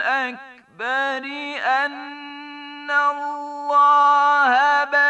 الأكبر أن الله بل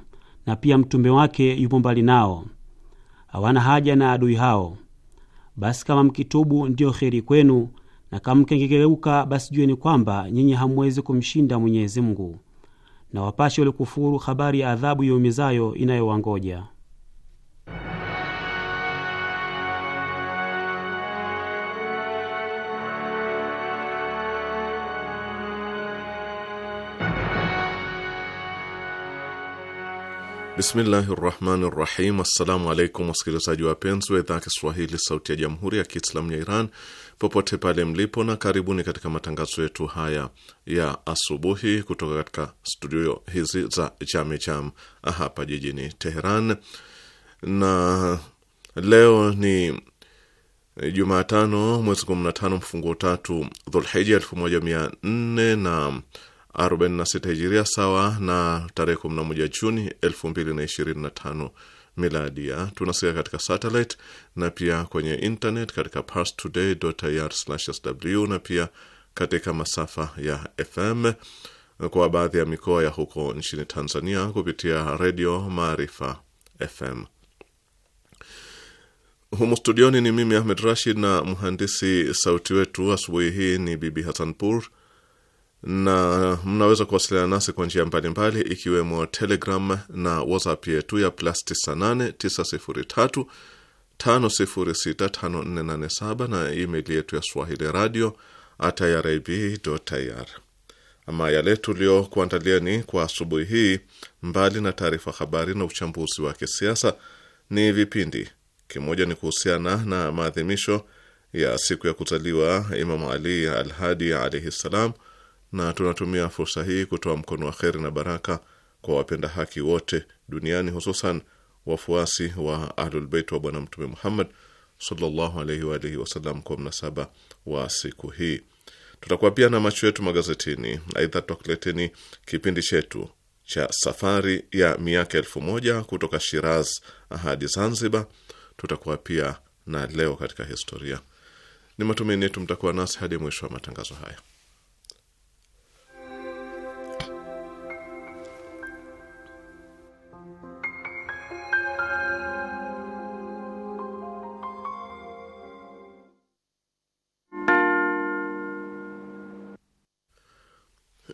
na pia mtume wake yupo mbali nao, hawana haja na adui hao. Basi kama mkitubu ndiyo kheri kwenu, na kama mkengegeuka, basi jueni kwamba nyinyi hamuwezi kumshinda Mwenyezi Mungu, na wapashe walikufuru habari ya adhabu yaumizayo inayowangoja. Bismillahi rahmani rahim. Assalamu alaikum wasikilizaji wapenzi wa idhaa ya Kiswahili sauti ya jamhuri ya Kiislamu ya Iran popote pale mlipo, na karibuni katika matangazo yetu haya ya asubuhi kutoka katika studio hizi za Jamejam hapa jijini Teheran. Na leo ni Jumatano mwezi 15 mfunguo tatu Dhulhija nne na 46 hijiria sawa na tarehe 11 Juni 2025 miladia. Tunasikia katika satellite na pia kwenye internet katika parstoday.ir/sw na pia katika masafa ya FM kwa baadhi ya mikoa ya huko nchini Tanzania kupitia redio Maarifa FM. Humu studioni ni mimi Ahmed Rashid na mhandisi sauti wetu asubuhi hii ni Bibi Hassanpur na mnaweza kuwasiliana nasi kwa njia mbalimbali ikiwemo Telegram na WhatsApp yetu ya plus 98 na email yetu ya swahili radio irib.ir. Ama yale ni kwa asubuhi hii, mbali na taarifa habari na uchambuzi wa kisiasa, ni vipindi. Kimoja ni kuhusiana na maadhimisho ya siku ya kuzaliwa Imamu Ali Alhadi alaihi ssalam na tunatumia fursa hii kutoa mkono wa kheri na baraka kwa wapenda haki wote duniani, hususan wafuasi wa Ahlulbeit wa Bwana Mtume Muhammad sallallahu alaihi wa alihi wasallam kwa mnasaba wa siku hii. Tutakuwa pia na macho yetu magazetini. Aidha, tutakuleteni kipindi chetu cha safari ya miaka elfu moja kutoka Shiraz hadi Zanzibar. Tutakuwa pia na leo katika historia. Ni matumaini yetu mtakuwa nasi hadi mwisho wa matangazo haya.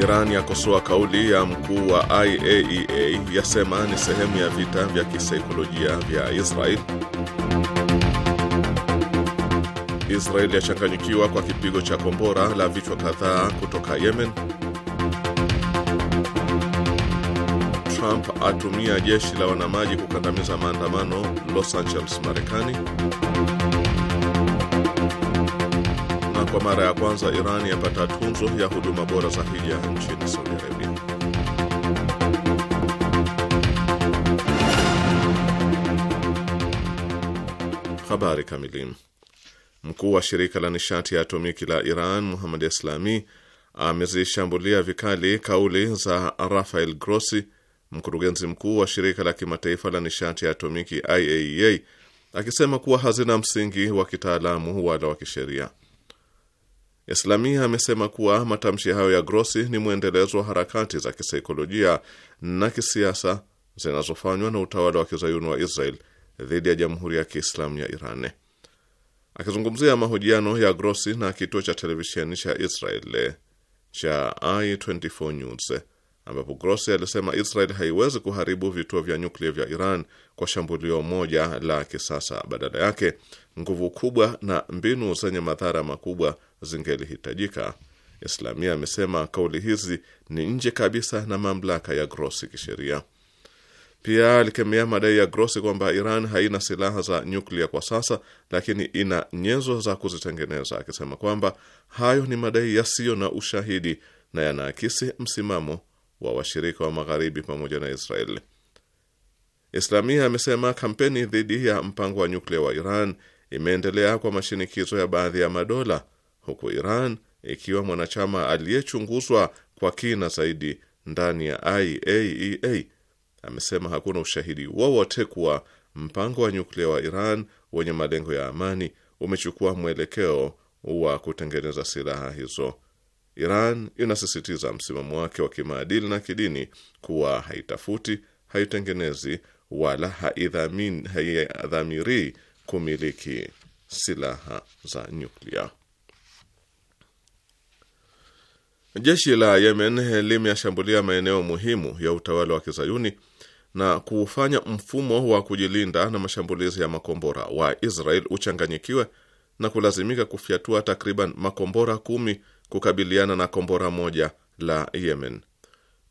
Iran yakosoa kauli ya mkuu wa IAEA, e yasema ni sehemu ya vita vya kisaikolojia vya Israel. Israel yachanganyikiwa kwa kipigo cha kombora la vichwa kadhaa kutoka Yemen. Trump atumia jeshi la wanamaji kukandamiza maandamano Los Angeles, Marekani kwa mara ya kwanza Iran yapata tunzo ya huduma bora za hija nchini Saudi Arabia. Habari kamili. Mkuu wa shirika la nishati ya atomiki la Iran Muhammad Islami amezishambulia vikali kauli za Rafael Grossi, mkurugenzi mkuu wa shirika la kimataifa la nishati ya atomiki IAEA, e, akisema kuwa hazina msingi wa kitaalamu wala wa kisheria. Islamia amesema kuwa matamshi hayo ya Grossi ni mwendelezo wa harakati za kisaikolojia na kisiasa zinazofanywa na utawala wa kizayuni wa Israel dhidi ya Jamhuri ya Kiislamu ya Iran. Akizungumzia mahojiano ya Grossi na kituo cha televisheni cha Israel cha I24 News ambapo Grossi alisema Israel haiwezi kuharibu vituo vya nyuklia vya Iran kwa shambulio moja la kisasa. Badala yake, nguvu kubwa na mbinu zenye madhara makubwa zingelihitajika. Islamia amesema kauli hizi ni nje kabisa na mamlaka ya Grossi kisheria. Pia alikemea madai ya Grossi kwamba Iran haina silaha za nyuklia kwa sasa, lakini ina nyenzo za kuzitengeneza, akisema kwamba hayo ni madai yasiyo na ushahidi na yanaakisi msimamo wa washirika wa magharibi pamoja na Israel. Islamia amesema kampeni dhidi ya mpango wa nyuklia wa Iran imeendelea kwa mashinikizo ya baadhi ya madola, huku Iran ikiwa mwanachama aliyechunguzwa kwa kina zaidi ndani ya IAEA. E amesema hakuna ushahidi wowote kuwa mpango wa nyuklia wa Iran wenye malengo ya amani umechukua mwelekeo wa kutengeneza silaha hizo. Iran inasisitiza msimamo wake wa kimaadili na kidini kuwa haitafuti, haitengenezi wala haidhamirii kumiliki silaha za nyuklia. Jeshi la Yemen limeyashambulia maeneo muhimu ya utawala wa kizayuni na kuufanya mfumo wa kujilinda na mashambulizi ya makombora wa Israel uchanganyikiwe na kulazimika kufyatua takriban makombora kumi kukabiliana na kombora moja la Yemen.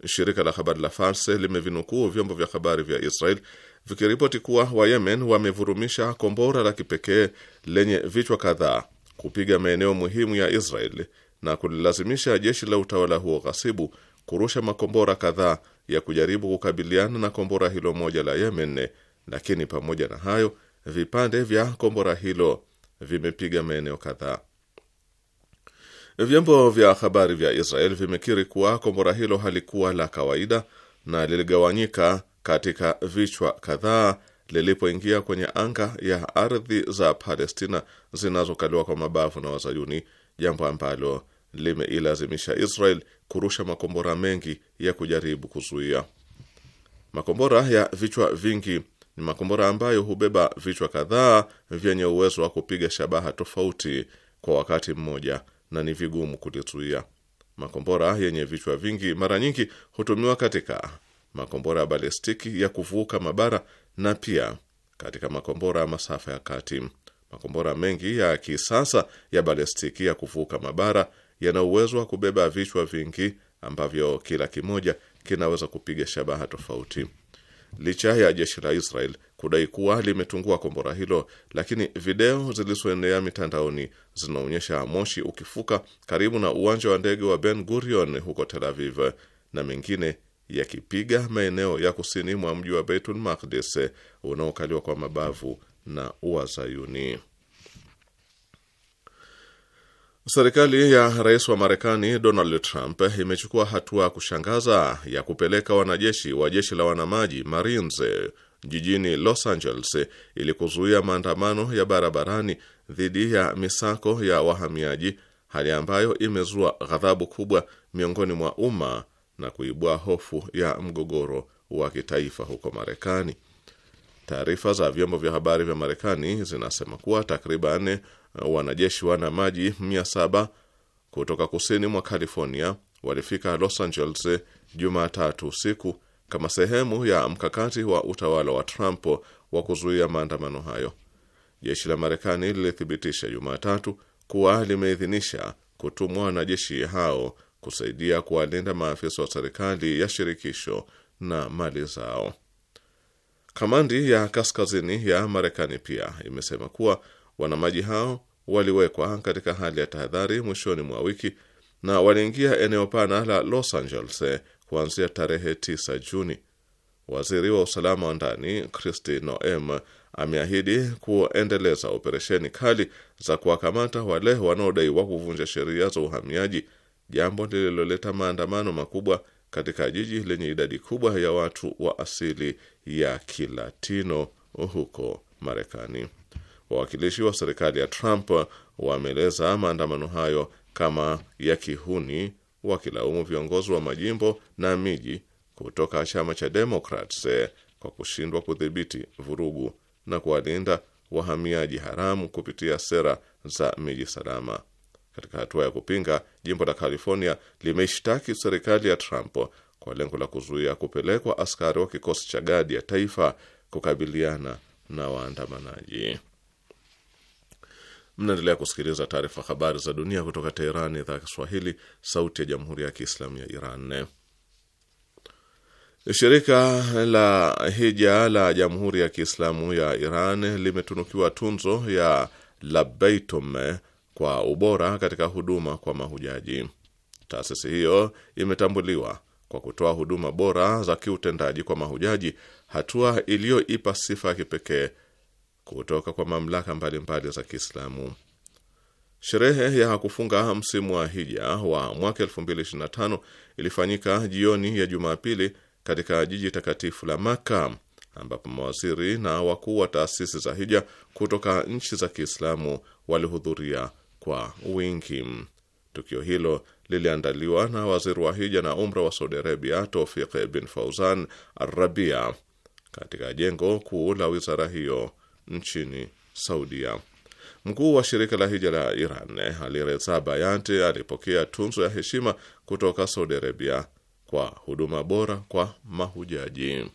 Shirika la habari la Fars limevinukuu vyombo vya habari vya Israel vikiripoti kuwa Wayemen wamevurumisha kombora la kipekee lenye vichwa kadhaa kupiga maeneo muhimu ya Israel na kulilazimisha jeshi la utawala huo ghasibu kurusha makombora kadhaa ya kujaribu kukabiliana na kombora hilo moja la Yemen. Lakini pamoja na hayo, vipande vya kombora hilo vimepiga maeneo kadhaa. Vyombo vya habari vya Israel vimekiri kuwa kombora hilo halikuwa la kawaida na liligawanyika katika vichwa kadhaa lilipoingia kwenye anga ya ardhi za Palestina zinazokaliwa kwa mabavu na Wazayuni, jambo ambalo limeilazimisha Israel kurusha makombora mengi ya kujaribu kuzuia. Makombora ya vichwa vingi ni makombora ambayo hubeba vichwa kadhaa vyenye uwezo wa kupiga shabaha tofauti kwa wakati mmoja na ni vigumu kulizuia. Makombora yenye vichwa vingi mara nyingi hutumiwa katika makombora ya balistiki ya kuvuka mabara na pia katika makombora ya masafa ya kati. Makombora mengi ya kisasa ya balistiki ya kuvuka mabara yana uwezo wa kubeba vichwa vingi ambavyo kila kimoja kinaweza kupiga shabaha tofauti. Licha ya jeshi la Israel kudai kuwa limetungua kombora hilo, lakini video zilizoendea mitandaoni zinaonyesha moshi ukifuka karibu na uwanja wa ndege wa Ben Gurion huko Tel Aviv na mengine yakipiga maeneo ya kusini mwa mji wa Beitul Makdis unaokaliwa kwa mabavu na wazayuni Serikali ya rais wa Marekani Donald Trump imechukua hatua kushangaza ya kupeleka wanajeshi wa jeshi la wanamaji Marines jijini Los Angeles ili kuzuia maandamano ya barabarani dhidi ya misako ya wahamiaji, hali ambayo imezua ghadhabu kubwa miongoni mwa umma na kuibua hofu ya mgogoro wa kitaifa huko Marekani. Taarifa za vyombo vya habari vya Marekani zinasema kuwa takriban wanajeshi wana maji mia saba kutoka kusini mwa California walifika Los Angeles Jumatatu usiku kama sehemu ya mkakati wa utawala wa Trump wa kuzuia maandamano hayo. Jeshi la Marekani lilithibitisha Jumatatu kuwa limeidhinisha kutumwa wanajeshi hao kusaidia kuwalinda maafisa wa serikali ya shirikisho na mali zao. Kamandi ya kaskazini ya Marekani pia imesema kuwa wanamaji hao waliwekwa katika hali ya tahadhari mwishoni mwa wiki na waliingia eneo pana la Los Angeles kuanzia tarehe 9 Juni. Waziri wa usalama wa ndani Kristi Noem ameahidi kuendeleza operesheni kali za kuwakamata wale wanaodaiwa kuvunja sheria za uhamiaji, jambo lililoleta maandamano makubwa katika jiji lenye idadi kubwa ya watu wa asili ya Kilatino huko Marekani. Wawakilishi wa serikali ya Trump wameeleza maandamano hayo kama ya kihuni wakilaumu viongozi wa majimbo na miji kutoka chama cha Democrats eh, kwa kushindwa kudhibiti vurugu na kuwalinda wahamiaji haramu kupitia sera za miji salama. Katika hatua ya kupinga, jimbo la California limeshtaki serikali ya Trump kwa lengo la kuzuia kupelekwa askari wa kikosi cha gadi ya taifa kukabiliana na waandamanaji. Mnaendelea kusikiliza taarifa habari za dunia kutoka Teheran, idhaa ya Kiswahili, sauti ya jamhuri ya kiislamu ya Iran. Shirika la hija la jamhuri ya kiislamu ya Iran limetunukiwa tunzo ya Labeitum kwa ubora katika huduma kwa mahujaji. Taasisi hiyo imetambuliwa kwa kutoa huduma bora za kiutendaji kwa mahujaji, hatua iliyoipa sifa ya kipekee kutoka kwa mamlaka mbalimbali za Kiislamu. Sherehe ya kufunga msimu wa hija wa mwaka 2025 ilifanyika jioni ya Jumapili katika jiji takatifu la Maka, ambapo mawaziri na wakuu wa taasisi za hija kutoka nchi za Kiislamu walihudhuria kwa wingi. Tukio hilo liliandaliwa na waziri wa hija na umra wa Saudi Arabia, tofiq bin Fauzan Arabia, katika jengo kuu la wizara hiyo nchini Saudia. Mkuu wa shirika la hija la Iran Alireza Bayati alipokea tunzo ya heshima kutoka Saudi Arabia kwa huduma bora kwa mahujaji.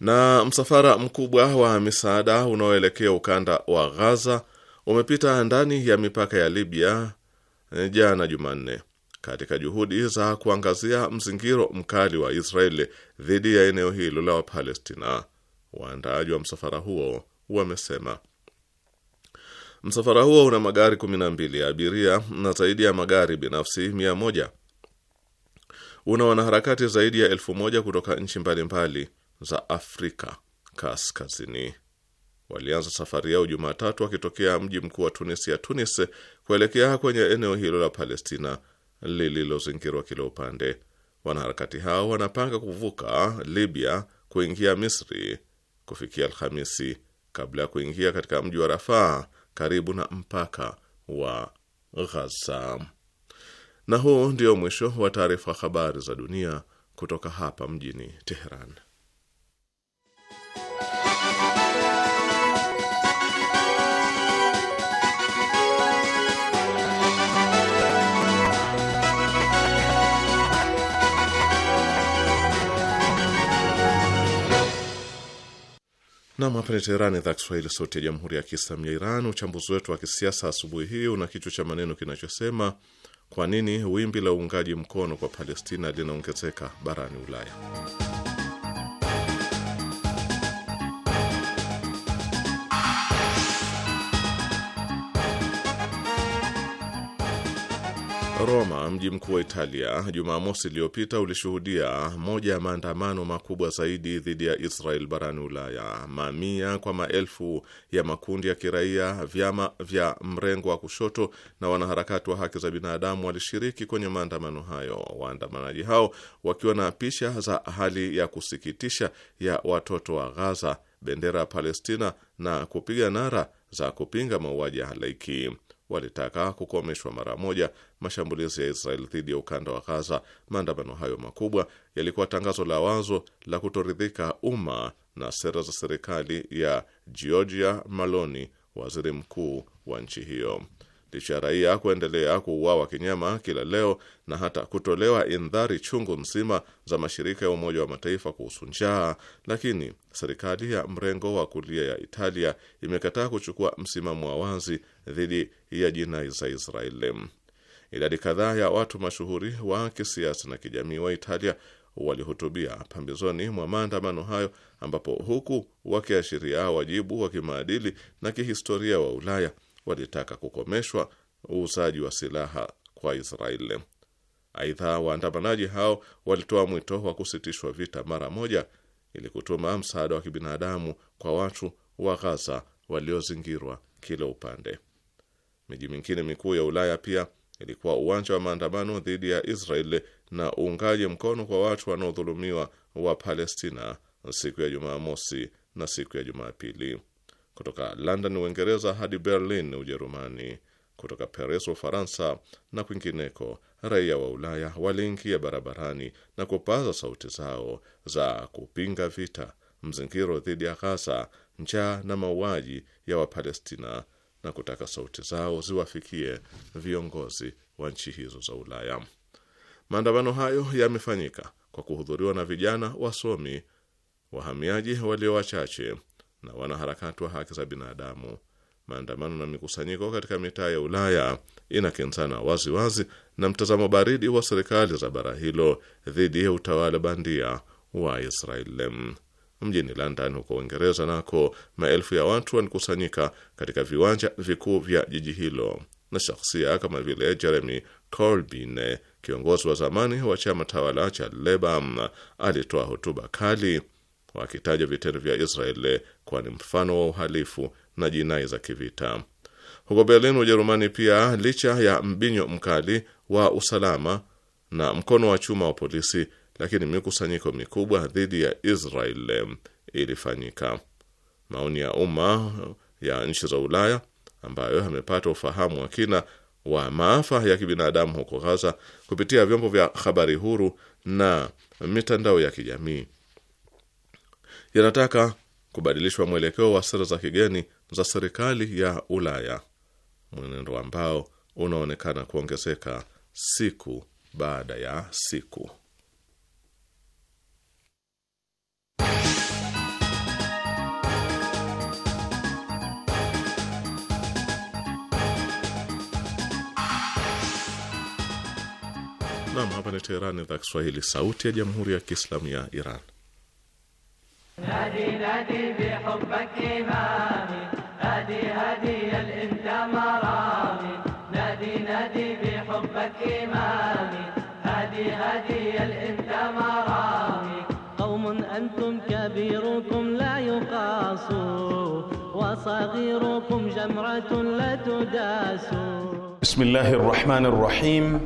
Na msafara mkubwa wa misaada unaoelekea ukanda wa Ghaza umepita ndani ya mipaka ya Libya jana Jumanne katika juhudi za kuangazia mzingiro mkali wa Israeli dhidi ya eneo hilo la Wapalestina. Waandaaji wa msafara huo wamesema msafara huo una magari 12 ya abiria na zaidi ya magari binafsi 100. Una wanaharakati zaidi ya elfu moja kutoka nchi mbalimbali za Afrika Kaskazini. Walianza safari yao Jumatatu wakitokea mji mkuu wa Tunisia, Tunis, kuelekea kwenye eneo hilo la Palestina lililozingirwa kila upande. Wanaharakati hao wanapanga kuvuka Libya kuingia Misri kufikia Alhamisi kabla ya kuingia katika mji wa Rafaa karibu na mpaka wa Ghaza. Na huu ndio mwisho wa taarifa habari za dunia kutoka hapa mjini Teheran. Nam, hapa ni Teherani, idhaa Kiswahili, sauti ya jamhuri ya kiislamu ya Iran. Uchambuzi wetu wa kisiasa asubuhi hii una kichwa cha maneno kinachosema kwa nini wimbi la uungaji mkono kwa Palestina linaongezeka barani Ulaya. Roma, mji mkuu wa Italia, Jumamosi iliyopita ulishuhudia moja ya maandamano makubwa zaidi dhidi ya Israel barani Ulaya. Mamia kwa maelfu ya makundi ya kiraia, vyama vya mrengo wa kushoto na wanaharakati wa haki za binadamu walishiriki kwenye maandamano hayo, waandamanaji hao wakiwa na picha za hali ya kusikitisha ya watoto wa Gaza, bendera ya Palestina na kupiga nara za kupinga mauaji ya halaiki walitaka kukomeshwa mara moja mashambulizi ya Israel dhidi ya ukanda wa Ghaza. Maandamano hayo makubwa yalikuwa tangazo la wazo la kutoridhika umma na sera za serikali ya Giorgia Maloni, waziri mkuu wa nchi hiyo licha ya raia kuendelea kuuawa kinyama kila leo na hata kutolewa indhari chungu mzima za mashirika ya Umoja wa Mataifa kuhusu njaa, lakini serikali ya mrengo wa kulia ya Italia imekataa kuchukua msimamo wa wazi dhidi ya jinai za Israeli. Idadi kadhaa ya watu mashuhuri wa kisiasa na kijamii wa Italia walihutubia pambizoni mwa maandamano hayo, ambapo huku wakiashiria wajibu wa kimaadili na kihistoria wa Ulaya walitaka kukomeshwa uuzaji wa silaha kwa Israeli. Aidha, waandamanaji hao walitoa mwito wa kusitishwa vita mara moja ili kutuma msaada wa kibinadamu kwa watu wa Gaza waliozingirwa kila upande. Miji mingine mikuu ya Ulaya pia ilikuwa uwanja wa maandamano dhidi ya Israeli na uungaji mkono kwa watu wanaodhulumiwa wa Palestina siku ya Jumamosi na siku ya Jumapili kutoka London, Uingereza hadi Berlin, Ujerumani, kutoka Paris, Ufaransa na kwingineko, raia wa Ulaya waliingia barabarani na kupaza sauti zao za kupinga vita, mzingiro dhidi ya Ghaza, njaa na mauaji ya Wapalestina na kutaka sauti zao ziwafikie viongozi wa nchi hizo za Ulaya. Maandamano hayo yamefanyika kwa kuhudhuriwa na vijana wasomi, wahamiaji walio wachache na wanaharakati wa haki za binadamu. Maandamano na mikusanyiko katika mitaa ya Ulaya inakinzana wazi wazi na mtazamo baridi wa serikali za bara hilo dhidi ya utawala bandia wa Israel. Mjini London huko Uingereza nako maelfu ya watu walikusanyika katika viwanja vikuu vya jiji hilo, na shakhsia kama vile Jeremy Corbyn, kiongozi wa zamani wa chama tawala cha leba alitoa hotuba kali wakitaja vitendo vya Israel kuwa ni mfano wa uhalifu na jinai za kivita. Huko Berlin, Ujerumani, pia licha ya mbinyo mkali wa usalama na mkono wa chuma wa polisi, lakini mikusanyiko mikubwa dhidi ya Israel ilifanyika. Maoni ya umma ya nchi za Ulaya ambayo yamepata ufahamu wa kina wa maafa ya kibinadamu huko Gaza kupitia vyombo vya habari huru na mitandao ya kijamii yanataka kubadilishwa mwelekeo wa sera za kigeni za serikali ya Ulaya, mwenendo ambao unaonekana kuongezeka siku baada ya siku. Nam, hapa ni Teherani, idhaa Kiswahili, sauti ya jamhuri ya kiislamu ya Iran. نادي نادي بحبك إمامي هادي هادي يا الإنت مرامي نادي نادي بحبك إمامي هادي هادي يا الإنت مرامي قوم أنتم كبيركم لا يقاسوا وصغيركم جمرة لا تداسوا بسم الله الرحمن الرحيم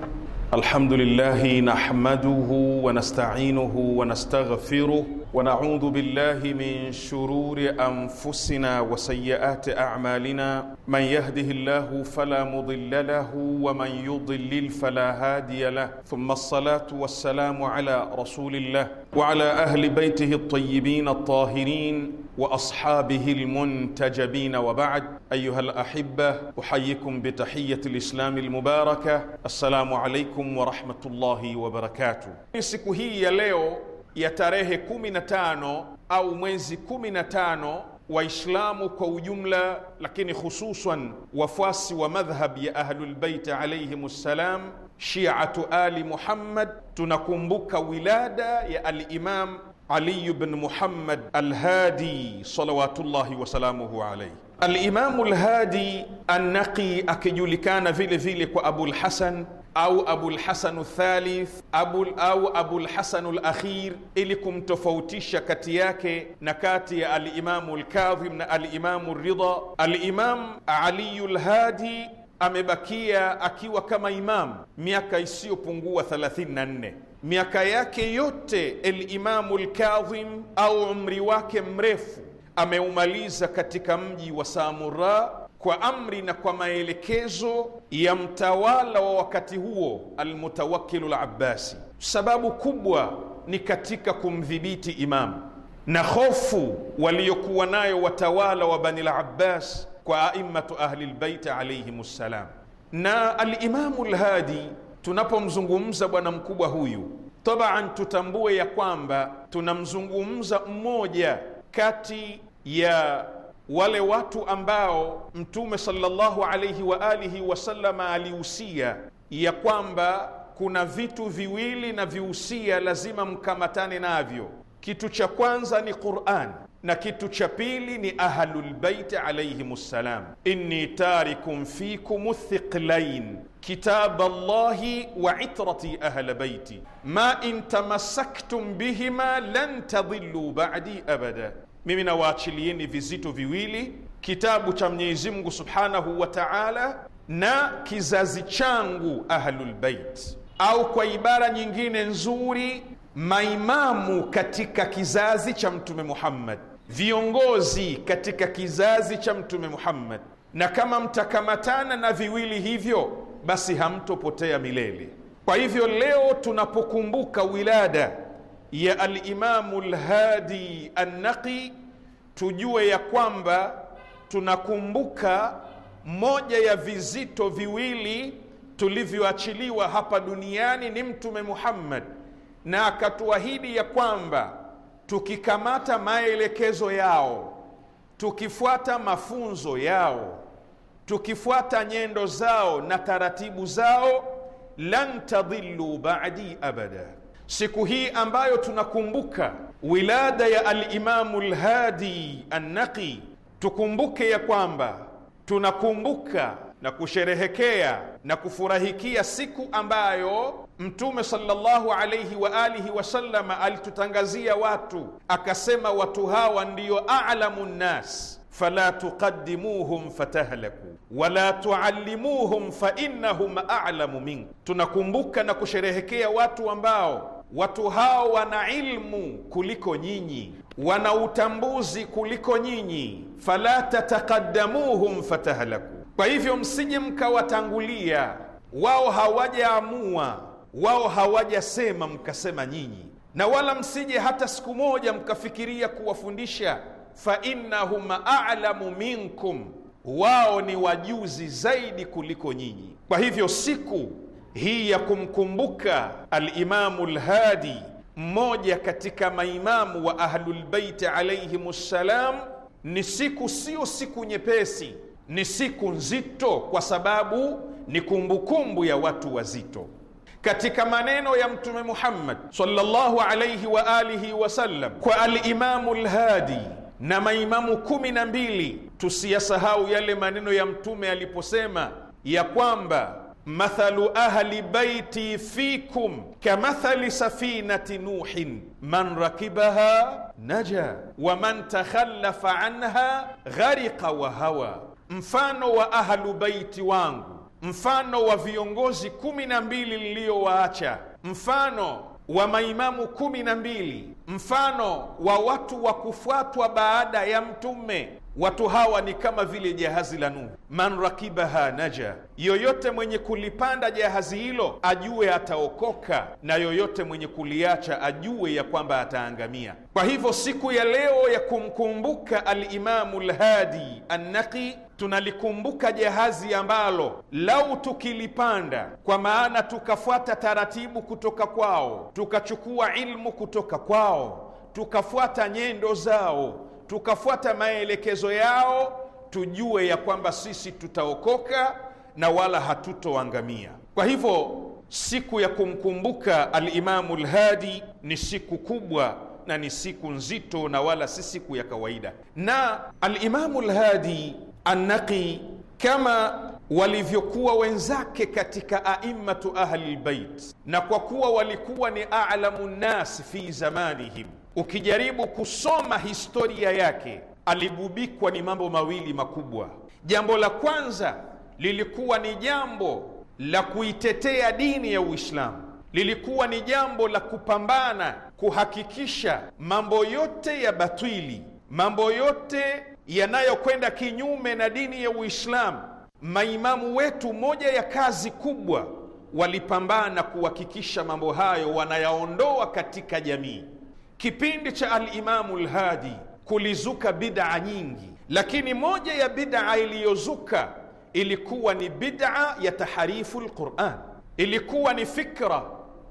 الحمد لله نحمده ونستعينه ونستغفره ونعوذ بالله من شرور انفسنا وسيئات اعمالنا من يهده الله فلا مضل له ومن يضلل فلا هادي له ثم الصلاه والسلام على رسول الله وعلى اهل بيته الطيبين الطاهرين واصحابه المنتجبين وبعد ايها الاحبه احييكم بتحيه الاسلام المباركه السلام عليكم ورحمه الله وبركاته siku hii ya leo ya tarehe 15 au mwezi 15 waislamu kwa ujumla lakini hususan wafuasi wa madhhab ya ahlulbeiti alaihim ssalam shiatu ali muhammad tunakumbuka wilada ya alimam Ali bin Muhammad Alhadi salawatullahi wasalamuhu alaihi. Alimamu Lhadi Annaqi akijulikana vile vile kwa Abulhasan au Abulhasanu Thalith abul, au Abulhasanu Lakhir, ili kumtofautisha kati yake na kati ya Alimamu Lkadhim na Alimamu Ridha. Alimamu Aliyu Lhadi amebakia akiwa kama imamu miaka isiyopungua 34. Miaka yake yote Elimamu Lkadhim au umri wake mrefu ameumaliza katika mji wa Samura kwa amri na kwa maelekezo ya mtawala wa wakati huo Almutawakilu Labbasi. Sababu kubwa ni katika kumdhibiti imamu na hofu waliokuwa nayo watawala wa Bani Labbas kwa aimmatu ahli lbaiti alaihim ssalam. Na alimamu lhadi, tunapomzungumza bwana mkubwa huyu, taban tutambue ya kwamba tunamzungumza mmoja kati ya wale watu ambao Mtume sallallahu alaihi wa alihi wasallama alihusia ya kwamba kuna vitu viwili na vihusia lazima mkamatane navyo. Kitu cha kwanza ni Qur'an na kitu cha pili ni ahlulbaiti alaihim ssalam, inni tarikum fikum thiqlain kitab llahi wa itrati ahla baiti ma in tamassaktum bihima lan tadhillu badi abada, mimi nawaachilieni vizito viwili, kitabu cha Mwenyezi Mungu subhanahu wa taala na kizazi changu ahlulbait, au kwa ibara nyingine nzuri maimamu katika kizazi cha Mtume Muhammad viongozi katika kizazi cha Mtume Muhammad, na kama mtakamatana na viwili hivyo, basi hamtopotea milele. Kwa hivyo leo tunapokumbuka wilada ya Alimamu Lhadi Annaqi, tujue ya kwamba tunakumbuka moja ya vizito viwili tulivyoachiliwa hapa duniani ni Mtume Muhammad, na akatuahidi ya kwamba tukikamata maelekezo yao, tukifuata mafunzo yao, tukifuata nyendo zao na taratibu zao, lan tadhillu ba'di abada. Siku hii ambayo tunakumbuka wilada ya alimamu lhadi annaqi, tukumbuke ya kwamba tunakumbuka na kusherehekea na kufurahikia siku ambayo Mtume sallallahu alaihi wa alihi wasallama alitutangazia watu, akasema watu hawa ndiyo a'lamu nnas fala tuqaddimuhum fatahlaku wala tuallimuhum fainnahum a'lamu minkum. Tunakumbuka na kusherehekea watu ambao watu hao wana ilmu kuliko nyinyi, wana utambuzi kuliko nyinyi. fala tatakaddamuhum fatahlaku kwa hivyo msije mkawatangulia wao, hawajaamua wao, hawajasema mkasema nyinyi, na wala msije hata siku moja mkafikiria kuwafundisha. Fa innahum a'lamu minkum, wao ni wajuzi zaidi kuliko nyinyi. Kwa hivyo siku hii ya kumkumbuka Alimamu Lhadi, mmoja katika maimamu wa Ahlulbeiti alaihim ssalam, ni siku sio siku nyepesi ni siku nzito, kwa sababu ni kumbukumbu kumbu ya watu wazito. Katika maneno ya Mtume Muhammad sallallahu alayhi wa alihi wasallam kwa alimamu lhadi na maimamu kumi na mbili, tusiyasahau yale maneno ya Mtume aliposema ya kwamba mathalu ahli baiti fikum kamathali safinati nuhin man rakibaha naja wa man takhallafa anha ghariqa wa hawa, mfano wa ahlu baiti wangu, mfano wa viongozi kumi na mbili niliyowaacha, mfano wa maimamu kumi na mbili, mfano wa watu wa kufuatwa baada ya Mtume Watu hawa ni kama vile jahazi la Nuhu, man rakibaha naja, yoyote mwenye kulipanda jahazi hilo ajue ataokoka, na yoyote mwenye kuliacha ajue ya kwamba ataangamia. Kwa hivyo siku ya leo ya kumkumbuka Alimamu Lhadi Annaqi tunalikumbuka jahazi ambalo lau tukilipanda kwa maana tukafuata taratibu kutoka kwao, tukachukua ilmu kutoka kwao, tukafuata nyendo zao tukafuata maelekezo yao, tujue ya kwamba sisi tutaokoka na wala hatutoangamia. Kwa hivyo siku ya kumkumbuka Alimamu Lhadi ni siku kubwa na ni siku nzito, na wala si siku ya kawaida. Na Alimamu Lhadi Annaqi, kama walivyokuwa wenzake katika aimmatu ahli lbait, na kwa kuwa walikuwa ni alamu nnasi fi zamanihim ukijaribu kusoma historia yake, aligubikwa ni mambo mawili makubwa. Jambo la kwanza lilikuwa ni jambo la kuitetea dini ya Uislamu, lilikuwa ni jambo la kupambana kuhakikisha mambo yote ya batwili mambo yote yanayokwenda kinyume na dini ya Uislamu. Maimamu wetu, moja ya kazi kubwa walipambana kuhakikisha mambo hayo wanayaondoa katika jamii kipindi cha Alimamu Lhadi kulizuka bidaa nyingi, lakini moja ya bidaa iliyozuka ilikuwa ni bidaa ya taharifu lquran. Ilikuwa ni fikra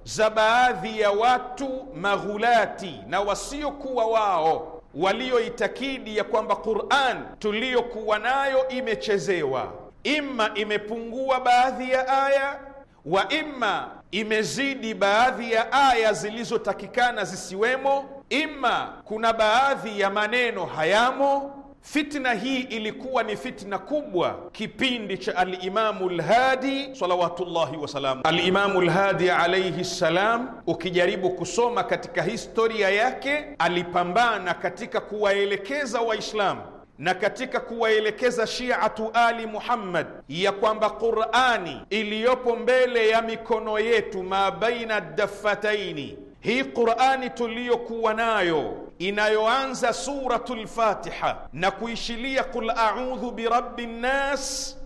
za baadhi ya watu maghulati na wasiokuwa wao walioitakidi ya kwamba Quran tuliyokuwa nayo imechezewa, imma imepungua baadhi ya aya wa imma imezidi baadhi ya aya zilizotakikana zisiwemo, imma kuna baadhi ya maneno hayamo. Fitna hii ilikuwa ni fitna kubwa kipindi cha Alimamu Lhadi salawatullahi wasalam. Alimamu Lhadi alaihi ssalam, ukijaribu kusoma katika historia yake, alipambana katika kuwaelekeza Waislamu na katika kuwaelekeza shiatu Ali Muhammad ya kwamba Qurani iliyopo mbele ya mikono yetu, ma baina daffataini, hii Qurani tuliyokuwa nayo inayoanza suratu lfatiha na kuishilia qul a'udhu birabbin nnas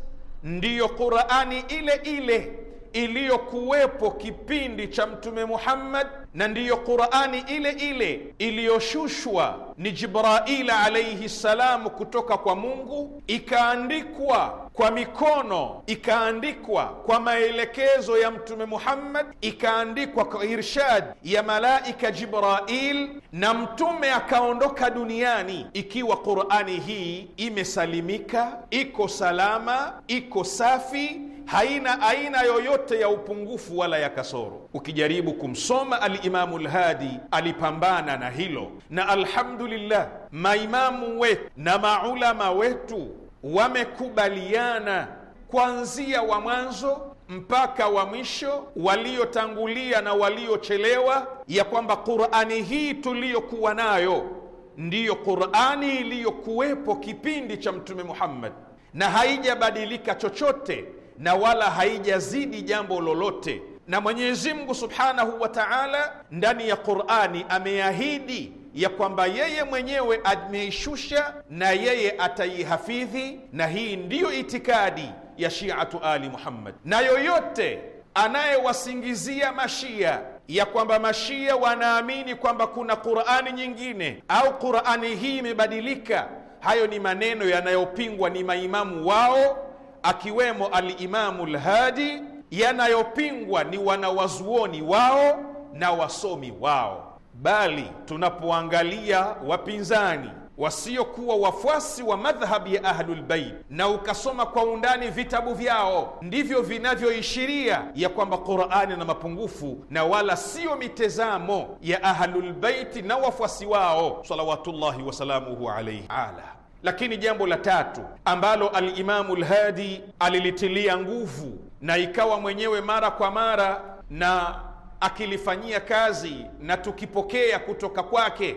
ndiyo Qurani ile ile iliyokuwepo kipindi cha Mtume Muhammad na ndiyo Qurani ile ile iliyoshushwa ni jibrail alaihi salamu kutoka kwa Mungu, ikaandikwa kwa mikono, ikaandikwa kwa maelekezo ya Mtume Muhammad, ikaandikwa kwa irshad ya malaika Jibrail, na Mtume akaondoka duniani ikiwa Qurani hii imesalimika, iko salama, iko safi haina aina yoyote ya upungufu wala ya kasoro. Ukijaribu kumsoma Alimamu Lhadi alipambana na hilo, na alhamdulillah maimamu wetu na maulama wetu wamekubaliana kuanzia wa mwanzo mpaka wa mwisho, waliotangulia na waliochelewa, ya kwamba Qurani hii tuliyokuwa nayo ndiyo Qurani iliyokuwepo kipindi cha Mtume Muhammad na haijabadilika chochote na wala haijazidi jambo lolote. Na Mwenyezi Mungu Subhanahu wa Ta'ala ndani ya Qur'ani ameahidi ya kwamba yeye mwenyewe ameishusha na yeye ataihafidhi, na hii ndiyo itikadi ya Shiatu Ali Muhammad. Na yoyote anayewasingizia mashia ya kwamba mashia wanaamini kwamba kuna Qur'ani nyingine au Qur'ani hii imebadilika, hayo ni maneno yanayopingwa ni maimamu wao akiwemo Alimamu Lhadi, yanayopingwa ni wanawazuoni wao na wasomi wao. Bali tunapoangalia wapinzani wasiokuwa wafuasi wa madhhabi ya Ahlulbeit na ukasoma kwa undani vitabu vyao, ndivyo vinavyoishiria ya kwamba Qurani na mapungufu na wala siyo mitazamo ya Ahlulbeiti na wafuasi wao salawatullahi wasalamuhu alaihi ala lakini jambo la tatu ambalo Alimamu Lhadi alilitilia nguvu na ikawa mwenyewe mara kwa mara na akilifanyia kazi na tukipokea kutoka kwake,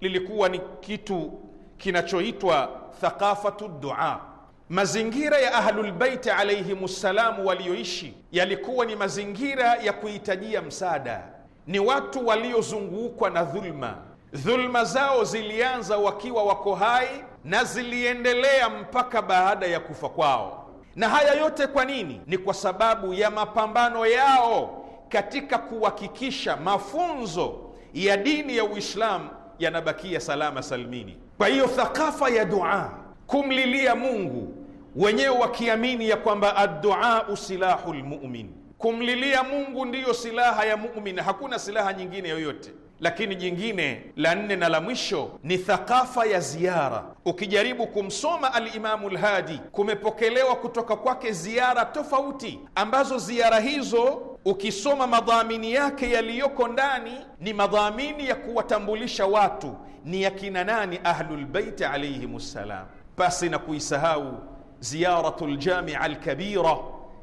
lilikuwa ni kitu kinachoitwa thaqafatu dua. Mazingira ya ahlulbeiti alaihim ssalamu walioishi yalikuwa ni mazingira ya kuhitajia msaada. Ni watu waliozungukwa na dhulma. Dhulma zao zilianza wakiwa wako hai na ziliendelea mpaka baada ya kufa kwao. Na haya yote kwa nini? Ni kwa sababu ya mapambano yao katika kuhakikisha mafunzo ya dini ya Uislamu yanabakia salama salimini. Kwa hiyo thakafa ya dua, kumlilia Mungu, wenyewe wakiamini ya kwamba adduau silahu lmumin Kumlilia Mungu ndiyo silaha ya mumina hakuna silaha nyingine yoyote. Lakini jingine la nne na la mwisho ni thakafa ya ziara. Ukijaribu kumsoma Alimamu Lhadi, kumepokelewa kutoka kwake ziara tofauti, ambazo ziara hizo ukisoma madhamini yake yaliyoko ndani ni madhamini ya kuwatambulisha watu ni yakina nani Ahlulbeiti alaihim ssalam, pasi na kuisahau ziyaratu ljamia alkabira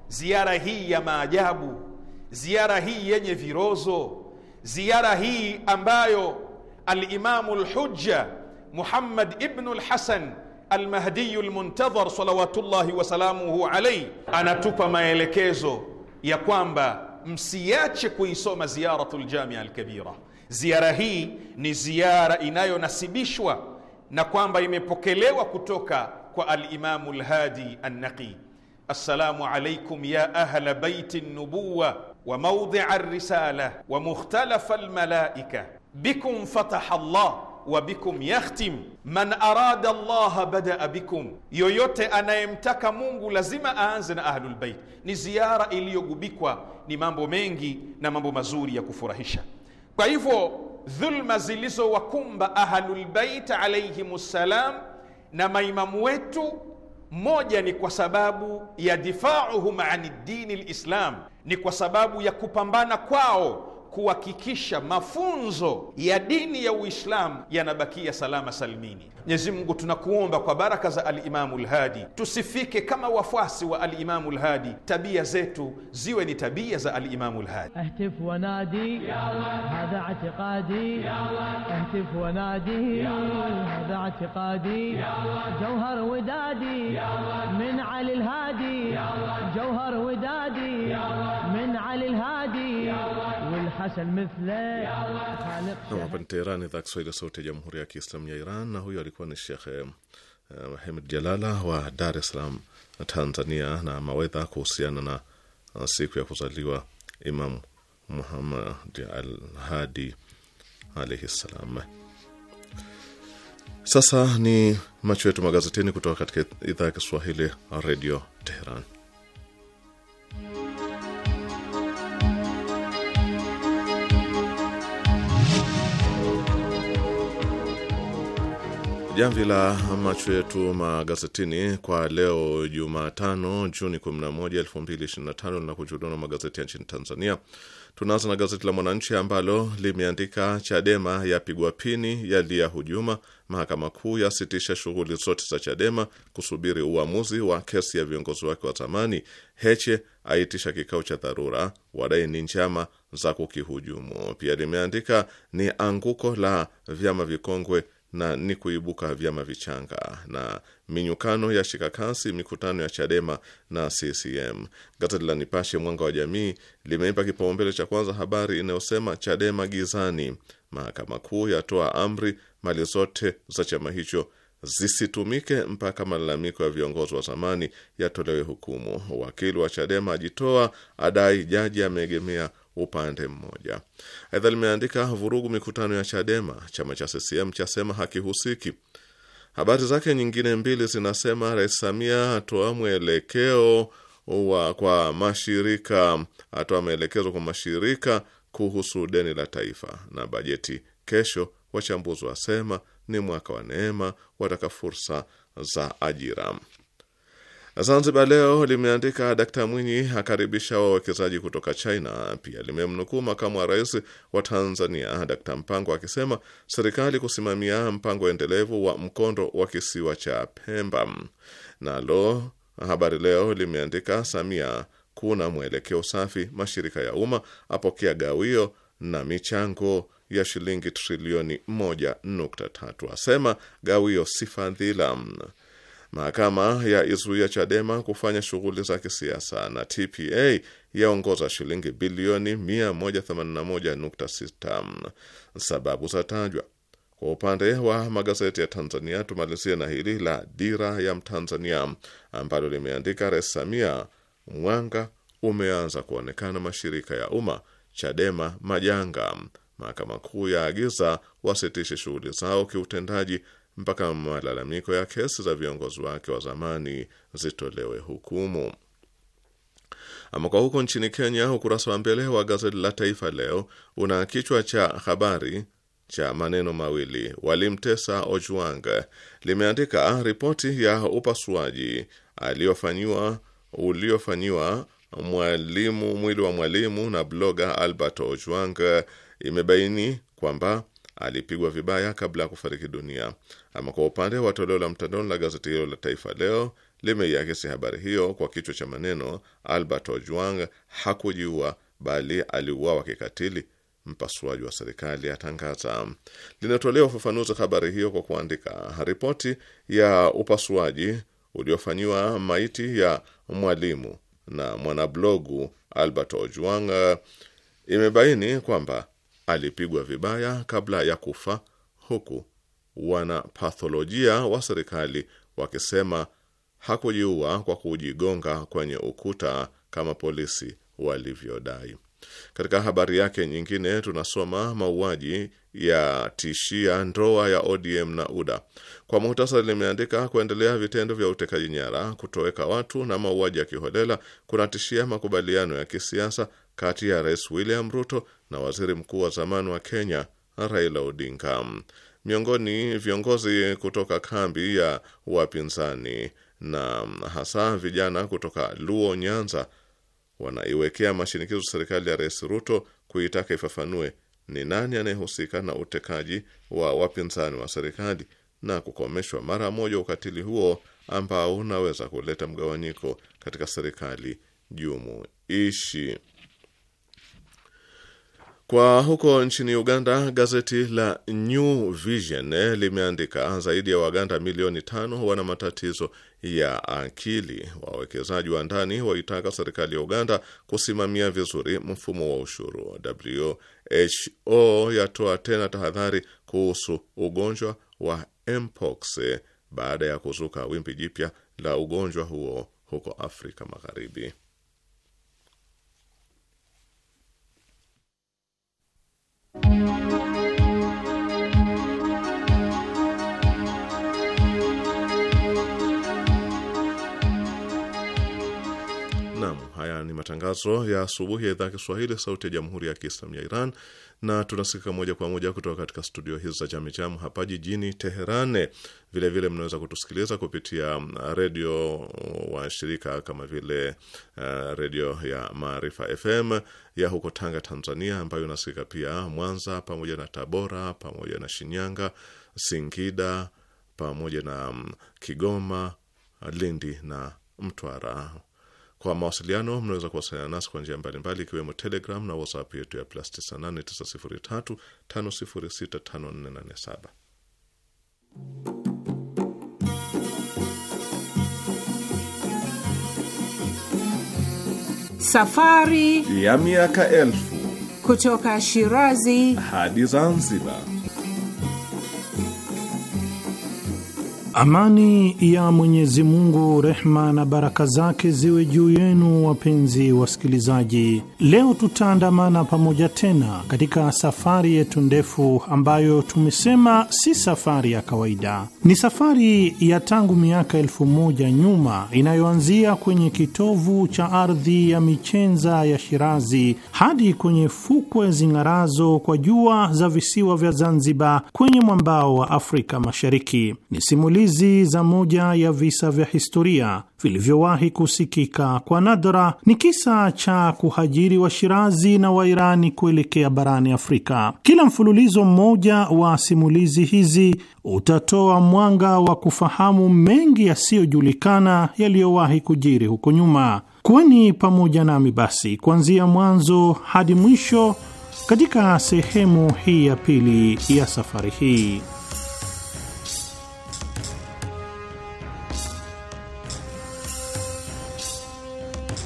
ziara hii ya maajabu, ziara hii yenye virozo, ziara hii ambayo Alimamu Lhujja Muhammad ibnu Lhasan Almahdiyu Lmuntadhar salawatullahi wasalamuhu alaihi anatupa maelekezo ya kwamba msiache kuisoma ziyaratu Ljamia Alkabira. Ziara hii ni ziara inayonasibishwa na kwamba imepokelewa kutoka kwa Alimamu Lhadi Annaqi assalamu alaikum ya ahla baiti nubuwa wa maudhia risala wa mukhtalafa almalaika bikum fataha Allah wa bikum yakhtim man arada Allah badaa bikum, yoyote anayemtaka Mungu lazima aanze na ahlul bait. Ni ziara iliyogubikwa ni mambo mengi na mambo mazuri ya kufurahisha. Kwa hivyo dhulma zilizowakumba ahlul bait alayhimus salam na maimamu wetu moja ni kwa sababu ya difauhum ani dini lislam, ni kwa sababu ya kupambana kwao kuhakikisha mafunzo ya dini ya Uislamu yanabakia salama salimini. Mwenyezi Mungu tunakuomba kwa baraka za Alimamu Lhadi tusifike kama wafuasi wa Alimamu Lhadi, tabia zetu ziwe ni tabia za Alimamu Lhadi. Ahtif nadi hadha itiqadi ahtif nadi hadha itiqadi jawhar wadadi min Ali Lhadi jawhar wadadi min Ali Lhadi Hapa ni Teherani, idhaa Kiswahili, sauti ya jamhuri ya kiislamu ya Iran. Na huyo alikuwa ni Shekhe eh, hemid Jalala wa Dar es Salaam, Tanzania, na mawedha kuhusiana na uh, siku ya kuzaliwa Imam Muhammad Alhadi alaihi ssalam. Sasa ni macho yetu magazetini kutoka katika idhaa ya Kiswahili, Redio Teheran. Jamvi la macho yetu magazetini kwa leo Jumatano, Juni 11, 2025 linakujuliwa na magazeti ya nchini Tanzania. Tunaanza na gazeti la Mwananchi ambalo limeandika Chadema yapigwa pini, yaliya hujuma, mahakama kuu yasitisha shughuli zote za Chadema kusubiri uamuzi wa kesi ya viongozi wake wa zamani. Heche aitisha kikao cha dharura, wadai ni njama za kukihujumu. Pia limeandika ni anguko la vyama vikongwe na ni kuibuka vyama vichanga na minyukano ya shikakasi mikutano ya Chadema na CCM. Gazeti la Nipashe Mwanga wa Jamii limeipa kipaumbele cha kwanza habari inayosema Chadema gizani, mahakama kuu yatoa amri mali zote za chama hicho zisitumike mpaka malalamiko ya viongozi wa zamani yatolewe hukumu. Wakili wa Chadema ajitoa, adai jaji ameegemea upande mmoja. Aidha limeandika vurugu mikutano ya Chadema, chama cha CCM chasema hakihusiki. Habari zake nyingine mbili zinasema Rais Samia atoa mwelekeo wa kwa mashirika, atoa maelekezo kwa mashirika kuhusu deni la taifa na bajeti kesho. Wachambuzi wasema ni mwaka wa neema, wataka fursa za ajira. Zanzibar Leo limeandika Dkt Mwinyi akaribisha wawekezaji kutoka China. Pia limemnukuu makamu wa rais wa Tanzania Dkt Mpango akisema serikali kusimamia mpango endelevu wa mkondo wa kisiwa cha Pemba. Nalo Habari Leo limeandika Samia kuna mwelekeo safi, mashirika ya umma apokea gawio na michango ya shilingi trilioni 1.3, asema gawio si fadhila. Mahakama ya izuia Chadema kufanya shughuli za kisiasa na TPA yaongoza shilingi bilioni 181.6. Sababu za tajwa. Kwa upande wa magazeti ya Tanzania, tumalizie na hili la Dira ya Mtanzania ambalo limeandika Rais Samia, mwanga umeanza kuonekana mashirika ya umma, Chadema majanga, mahakama kuu yaagiza wasitishe shughuli zao kiutendaji mpaka malalamiko ya kesi za viongozi wake wa zamani zitolewe hukumu. Ama kwa huko nchini Kenya, ukurasa wa mbele wa gazeti la Taifa Leo una kichwa cha habari cha maneno mawili walimtesa Ojwang. Limeandika ripoti ya upasuaji aliyofanyiwa uliofanyiwa mwalimu mwili wa mwalimu na bloga Albert Ojwang imebaini kwamba alipigwa vibaya kabla ya kufariki dunia. Ama kwa upande wa toleo la mtandaoni la gazeti hilo la Taifa Leo limeiakisi habari hiyo kwa kichwa cha maneno, Albert Ojwang hakujiua bali aliuawa kikatili, mpasuaji wa serikali atangaza. Linatolea ufafanuzi habari hiyo kwa kuandika, ripoti ya upasuaji uliofanyiwa maiti ya mwalimu na mwanablogu Albert Ojwang imebaini kwamba alipigwa vibaya kabla ya kufa huku wanapatholojia wa serikali wakisema hakujiua kwa kujigonga kwenye ukuta kama polisi walivyodai. Katika habari yake nyingine, tunasoma mauaji ya tishia ndoa ya ODM na UDA. Kwa muhtasari, limeandika kuendelea vitendo vya utekaji nyara, kutoweka watu na mauaji ya kiholela kunatishia makubaliano ya kisiasa kati ya Rais William Ruto na waziri mkuu wa zamani wa Kenya Raila Odinga miongoni viongozi kutoka kambi ya wapinzani na hasa vijana kutoka Luo Nyanza wanaiwekea mashinikizo serikali ya Rais Ruto kuitaka ifafanue ni nani anayehusika na utekaji wa wapinzani wa serikali na kukomeshwa mara moja ukatili huo ambao unaweza kuleta mgawanyiko katika serikali jumuishi. Kwa huko nchini Uganda, gazeti la New Vision eh, limeandika zaidi ya Waganda milioni tano wana matatizo ya akili. Wawekezaji wa ndani waitaka serikali ya Uganda kusimamia vizuri mfumo wa ushuru. WHO yatoa tena tahadhari kuhusu ugonjwa wa mpox eh, baada ya kuzuka wimbi jipya la ugonjwa huo huko Afrika Magharibi. Haya ni matangazo ya asubuhi ya idhaa ya Kiswahili, sauti ya jamhuri ya kiislamu ya Iran, na tunasikika moja kwa moja kutoka katika studio hizi za Jamijamu hapa jijini Teheran. Vilevile mnaweza kutusikiliza kupitia uh, redio wa shirika kama vile uh, redio ya Maarifa FM ya huko Tanga, Tanzania, ambayo inasikika pia Mwanza pamoja na Tabora pamoja na Shinyanga, Singida pamoja na um, Kigoma, Lindi na Mtwara. Kwa mawasiliano mnaweza kuwasiliana nasi kwa njia mbalimbali ikiwemo Telegram na WhatsApp yetu ya plus 98 9035065487. Safari ya miaka elfu kutoka Shirazi hadi Zanzibar Amani ya Mwenyezi Mungu, rehma na baraka zake ziwe juu yenu, wapenzi wasikilizaji. Leo tutaandamana pamoja tena katika safari yetu ndefu ambayo tumesema si safari ya kawaida, ni safari ya tangu miaka elfu moja nyuma inayoanzia kwenye kitovu cha ardhi ya michenza ya Shirazi hadi kwenye fukwe zing'arazo kwa jua za visiwa vya Zanzibar kwenye mwambao wa Afrika Mashariki. ni simulizi za moja ya visa vya historia vilivyowahi kusikika kwa nadra ni kisa cha kuhajiri Washirazi na Wairani kuelekea barani Afrika. Kila mfululizo mmoja wa simulizi hizi utatoa mwanga wa kufahamu mengi yasiyojulikana yaliyowahi kujiri huko nyuma. Kuweni pamoja nami basi kuanzia mwanzo hadi mwisho katika sehemu hii ya pili ya safari hii.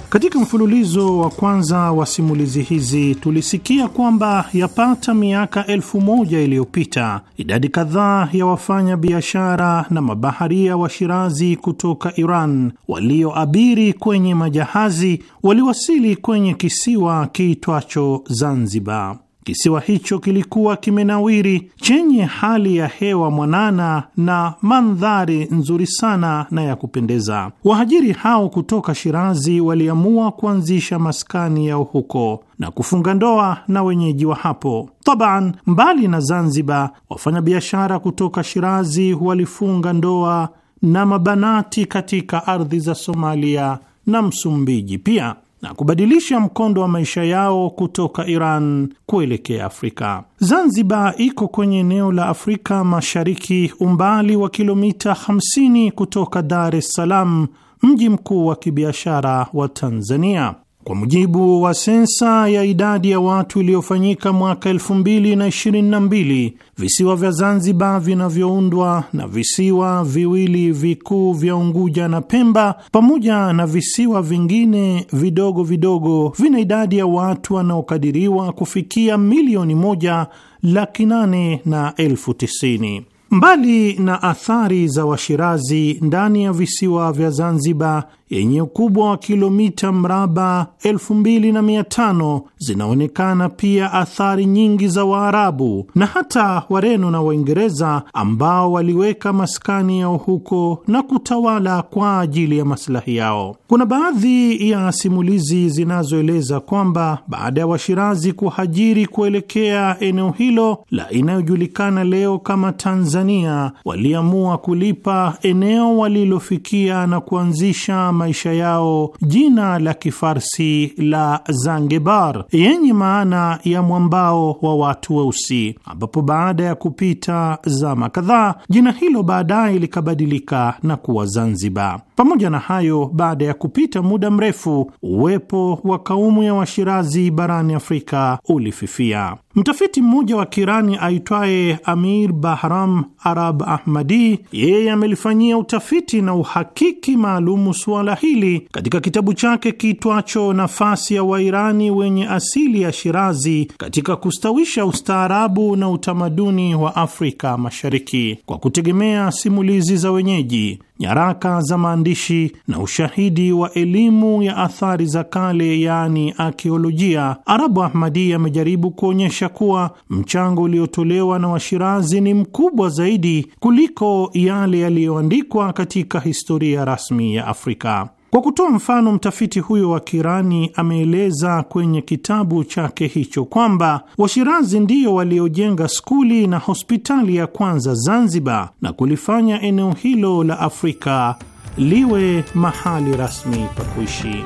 Katika mfululizo wa kwanza wa simulizi hizi tulisikia kwamba yapata miaka elfu moja iliyopita idadi kadhaa ya wafanya biashara na mabaharia wa Shirazi kutoka Iran walioabiri kwenye majahazi waliwasili kwenye kisiwa kiitwacho Zanzibar. Kisiwa hicho kilikuwa kimenawiri, chenye hali ya hewa mwanana na mandhari nzuri sana na ya kupendeza. Wahajiri hao kutoka Shirazi waliamua kuanzisha maskani yao huko na kufunga ndoa na wenyeji wa hapo. Taban, mbali na Zanzibar, wafanyabiashara kutoka Shirazi walifunga ndoa na mabanati katika ardhi za Somalia na Msumbiji pia na kubadilisha mkondo wa maisha yao kutoka Iran kuelekea Afrika. Zanzibar iko kwenye eneo la Afrika Mashariki, umbali wa kilomita 50 kutoka Dar es Salaam, mji mkuu wa kibiashara wa Tanzania. Kwa mujibu wa sensa ya idadi ya watu iliyofanyika mwaka 2022, visiwa vya Zanzibar vinavyoundwa na visiwa viwili vikuu vya Unguja na Pemba pamoja na visiwa vingine vidogo vidogo vina idadi ya watu wanaokadiriwa kufikia milioni moja laki nane na elfu tisini. Mbali na athari za Washirazi ndani ya visiwa vya Zanzibar yenye ukubwa wa kilomita mraba 2500 zinaonekana pia athari nyingi za Waarabu na hata Wareno na Waingereza ambao waliweka maskani yao huko na kutawala kwa ajili ya maslahi yao. Kuna baadhi ya simulizi zinazoeleza kwamba baada ya Washirazi kuhajiri kuelekea eneo hilo la inayojulikana leo kama Tanzania, waliamua kulipa eneo walilofikia na kuanzisha maisha yao jina la Kifarsi la Zangebar yenye maana ya mwambao wa watu weusi, ambapo baada ya kupita zama kadhaa jina hilo baadaye likabadilika na kuwa Zanzibar. Pamoja na hayo, baada ya kupita muda mrefu, uwepo wa kaumu ya Washirazi barani Afrika ulififia. Mtafiti mmoja wa Kirani aitwaye Amir Bahram Arab Ahmadi, yeye amelifanyia utafiti na uhakiki maalumu suala suala hili katika kitabu chake kitwacho Nafasi ya Wairani wenye asili ya Shirazi katika kustawisha ustaarabu na utamaduni wa Afrika Mashariki kwa kutegemea simulizi za wenyeji nyaraka za maandishi na ushahidi wa elimu ya athari za kale, yaani akiolojia, Arabu Ahmadi amejaribu kuonyesha kuwa mchango uliotolewa na Washirazi ni mkubwa zaidi kuliko yale yaliyoandikwa katika historia rasmi ya Afrika. Kwa kutoa mfano, mtafiti huyo wa Kirani ameeleza kwenye kitabu chake hicho kwamba Washirazi ndiyo waliojenga skuli na hospitali ya kwanza Zanzibar na kulifanya eneo hilo la Afrika liwe mahali rasmi pa kuishi.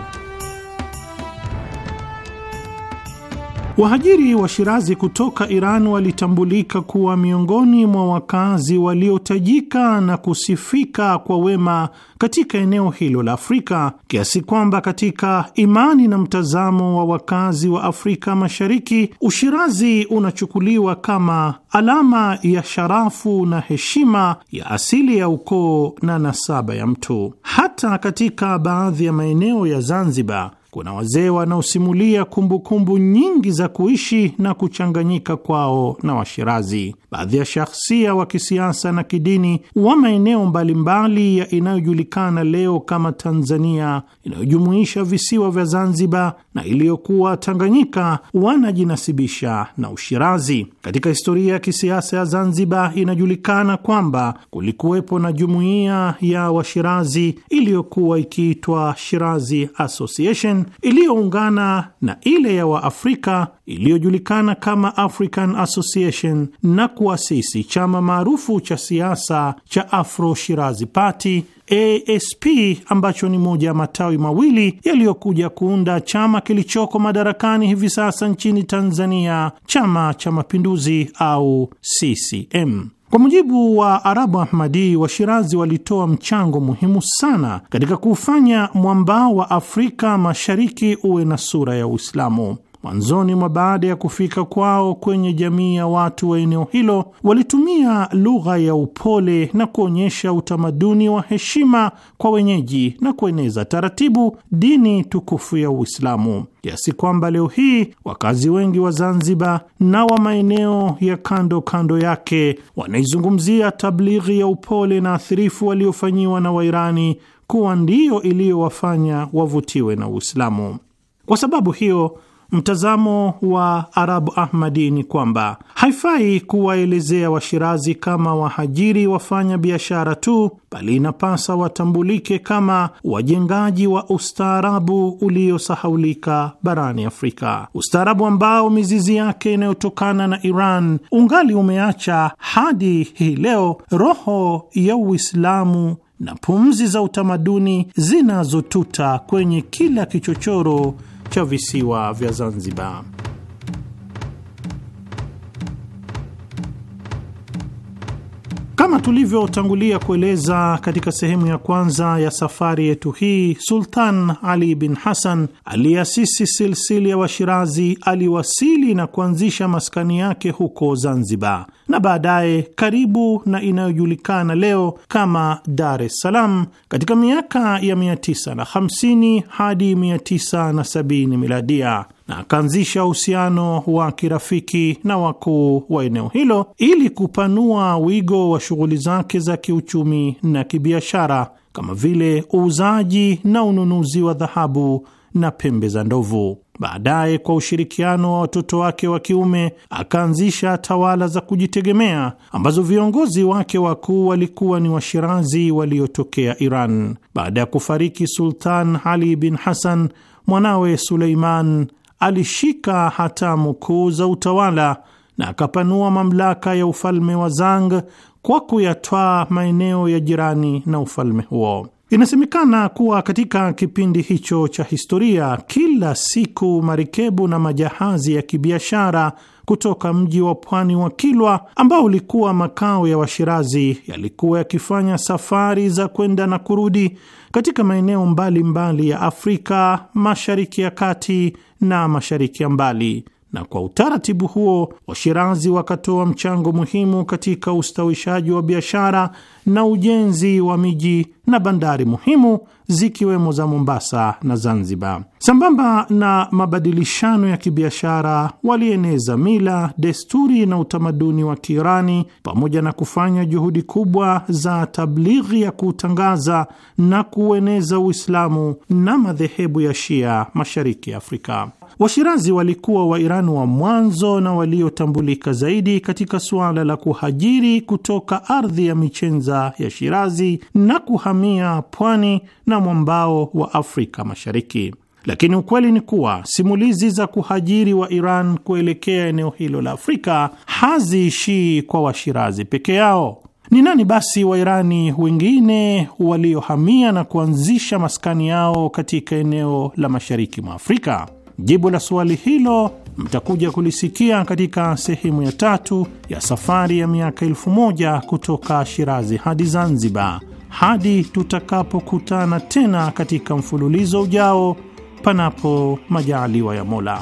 Wahajiri wa Shirazi kutoka Iran walitambulika kuwa miongoni mwa wakazi waliotajika na kusifika kwa wema katika eneo hilo la Afrika, kiasi kwamba katika imani na mtazamo wa wakazi wa Afrika Mashariki, Ushirazi unachukuliwa kama alama ya sharafu na heshima ya asili ya ukoo na nasaba ya mtu. Hata katika baadhi ya maeneo ya Zanzibar kuna wazee wanaosimulia kumbukumbu nyingi za kuishi na kuchanganyika kwao na Washirazi. Baadhi ya shahsia wa kisiasa na kidini wa maeneo mbalimbali ya inayojulikana leo kama Tanzania inayojumuisha visiwa vya Zanzibar na iliyokuwa Tanganyika wanajinasibisha na Ushirazi. Katika historia ya kisiasa ya Zanzibar inajulikana kwamba kulikuwepo na jumuiya ya Washirazi iliyokuwa ikiitwa Shirazi Association iliyoungana na ile ya Waafrika iliyojulikana kama African Association na kuasisi chama maarufu cha siasa cha Afro Shirazi Party ASP ambacho ni moja ya matawi mawili yaliyokuja kuunda chama kilichoko madarakani hivi sasa nchini Tanzania, Chama cha Mapinduzi au CCM. Kwa mujibu wa Arabu Ahmadi, Washirazi walitoa mchango muhimu sana katika kuufanya mwambao wa Afrika Mashariki uwe na sura ya Uislamu. Mwanzoni mwa baada ya kufika kwao kwenye jamii ya watu wa eneo hilo, walitumia lugha ya upole na kuonyesha utamaduni wa heshima kwa wenyeji na kueneza taratibu dini tukufu ya Uislamu, kiasi kwamba leo hii wakazi wengi wa Zanzibar na wa maeneo ya kando kando yake wanaizungumzia tablighi ya upole na athirifu waliofanyiwa na Wairani kuwa ndiyo iliyowafanya wavutiwe na Uislamu. Kwa sababu hiyo Mtazamo wa Arabu Ahmadi ni kwamba haifai kuwaelezea Washirazi kama wahajiri wafanya biashara tu, bali inapasa watambulike kama wajengaji wa ustaarabu uliosahaulika barani Afrika, ustaarabu ambao mizizi yake inayotokana na Iran ungali umeacha hadi hii leo roho ya Uislamu na pumzi za utamaduni zinazotuta kwenye kila kichochoro cha visiwa vya Zanzibar. Kama tulivyotangulia kueleza katika sehemu ya kwanza ya safari yetu hii, Sultan Ali bin hasan aliyeasisi silsili ya Washirazi aliwasili na kuanzisha maskani yake huko Zanzibar na baadaye karibu na inayojulikana leo kama Dar es Salaam katika miaka ya 950 hadi 970 miladia na akaanzisha uhusiano wa kirafiki na wakuu wa eneo hilo ili kupanua wigo wa shughuli zake za kiuchumi na kibiashara kama vile uuzaji na ununuzi wa dhahabu na pembe za ndovu. Baadaye, kwa ushirikiano wa watoto wake wa kiume, akaanzisha tawala za kujitegemea ambazo viongozi wake wakuu walikuwa ni Washirazi waliotokea Iran. Baada ya kufariki Sultan Ali bin Hassan, mwanawe Suleiman alishika hatamu kuu za utawala na akapanua mamlaka ya ufalme wa Zang kwa kuyatwaa maeneo ya jirani na ufalme huo. Inasemekana kuwa katika kipindi hicho cha historia, kila siku marekebu na majahazi ya kibiashara kutoka mji wa pwani wa Kilwa ambao ulikuwa makao ya Washirazi yalikuwa yakifanya safari za kwenda na kurudi katika maeneo mbalimbali ya Afrika, Mashariki ya Kati na mashariki ya mbali na kwa utaratibu huo Washirazi wakatoa mchango muhimu katika ustawishaji wa biashara na ujenzi wa miji na bandari muhimu zikiwemo za Mombasa na Zanzibar. Sambamba na mabadilishano ya kibiashara, walieneza mila, desturi na utamaduni wa Kiirani pamoja na kufanya juhudi kubwa za tablighi ya kuutangaza na kuueneza Uislamu na madhehebu ya Shia mashariki Afrika. Washirazi walikuwa Wairani wa mwanzo na waliotambulika zaidi katika suala la kuhajiri kutoka ardhi ya michenza ya Shirazi na kuhamia pwani na mwambao wa Afrika Mashariki. Lakini ukweli ni kuwa simulizi za kuhajiri wa Iran kuelekea eneo hilo la Afrika haziishii kwa Washirazi peke yao. Ni nani basi Wairani wengine waliohamia na kuanzisha maskani yao katika eneo la mashariki mwa Afrika? Jibu la suali hilo mtakuja kulisikia katika sehemu ya tatu ya safari ya miaka elfu moja kutoka Shirazi hadi Zanzibar, hadi tutakapokutana tena katika mfululizo ujao, panapo majaaliwa ya Mola.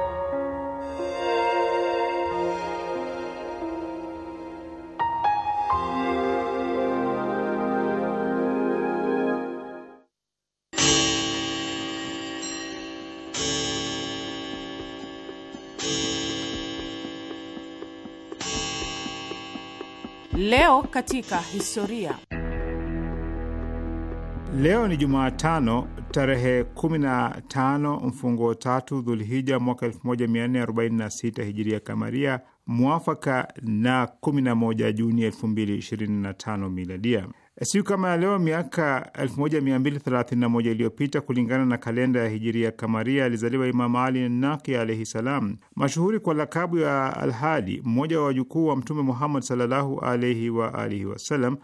Leo katika historia. Leo ni Jumatano tarehe 15 mfungo tatu Dhulhija mwaka 1446 hijiria kamaria, mwafaka na 11 Juni 2025 miladia. Siku kama ya leo miaka 1231 iliyopita kulingana na kalenda ya hijiria kamaria, alizaliwa Imam Ali Naki alaihi salam, mashuhuri kwa lakabu ya Alhadi, mmoja wa wajukuu wa Mtume Muhammad sallallahu alaihi wa alihi wasalam,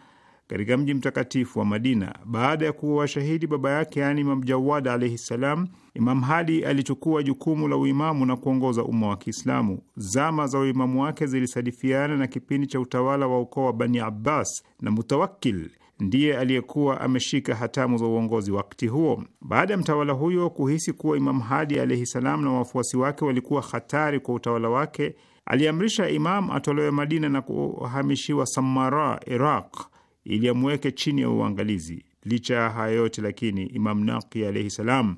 katika mji mtakatifu wa Madina. Baada ya kuwa washahidi baba yake, yaani Imam Jawad alaihi salam, Imam Hadi alichukua jukumu la uimamu na kuongoza umma wa Kiislamu. Zama za uimamu wake zilisadifiana na kipindi cha utawala wa ukoo wa Bani Abbas na mutawakil ndiye aliyekuwa ameshika hatamu za uongozi wakati huo. Baada ya mtawala huyo kuhisi kuwa Imam Hadi alaihi salam na wafuasi wake walikuwa hatari kwa utawala wake, aliamrisha Imam atolewe Madina na kuhamishiwa Samara, Iraq, ili amweke chini ya uangalizi. Licha ya haya yote lakini, Imam Naqi alaihi salam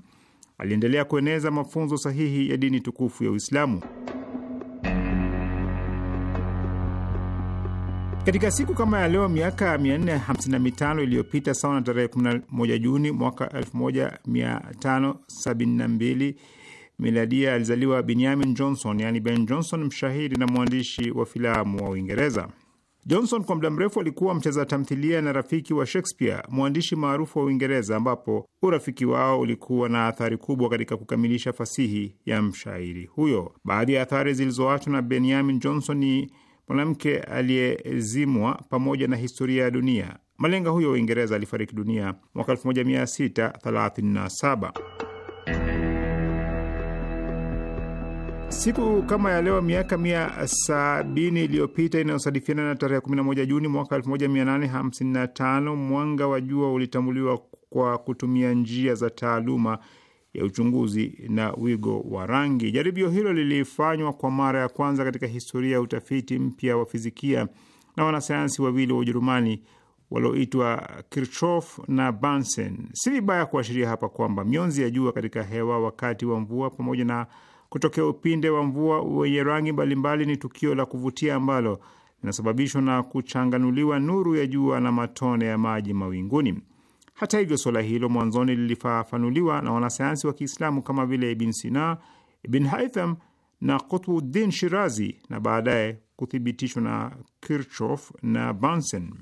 aliendelea kueneza mafunzo sahihi ya dini tukufu ya Uislamu. Katika siku kama ya leo miaka 455 iliyopita, sawa na tarehe 11 Juni mwaka 1572 miladia, alizaliwa Benyamin Johnson, yani Ben Johnson, mshahiri na mwandishi wa filamu wa Uingereza. Johnson kwa muda mrefu alikuwa mcheza tamthilia na rafiki wa Shakespeare, mwandishi maarufu wa Uingereza, ambapo urafiki wao ulikuwa na athari kubwa katika kukamilisha fasihi ya mshairi huyo. Baadhi ya athari zilizoachwa na Benyamin Johnson ni mwanamke aliyezimwa pamoja na historia ya dunia. Malenga huyo wa Uingereza alifariki dunia mwaka 1637. Siku kama ya leo miaka mia sabini iliyopita inayosadifiana na tarehe 11 Juni mwaka 1855, mwanga wa jua ulitambuliwa kwa kutumia njia za taaluma ya uchunguzi na wigo wa rangi. Jaribio hilo lilifanywa kwa mara ya kwanza katika historia ya utafiti mpya wa fizikia na wanasayansi wawili wa Ujerumani walioitwa Kirchhoff na Bunsen. Si vibaya kuashiria hapa kwamba mionzi ya jua katika hewa wakati wa mvua pamoja na kutokea upinde wa mvua wenye rangi mbalimbali ni tukio la kuvutia ambalo linasababishwa na kuchanganuliwa nuru ya jua na matone ya maji mawinguni. Hata hivyo, suala hilo mwanzoni lilifafanuliwa na wanasayansi wa Kiislamu kama vile Ibn Sina, Ibn Haytham na Kutbuddin Shirazi na baadaye kuthibitishwa na Kirchhoff na Bunsen.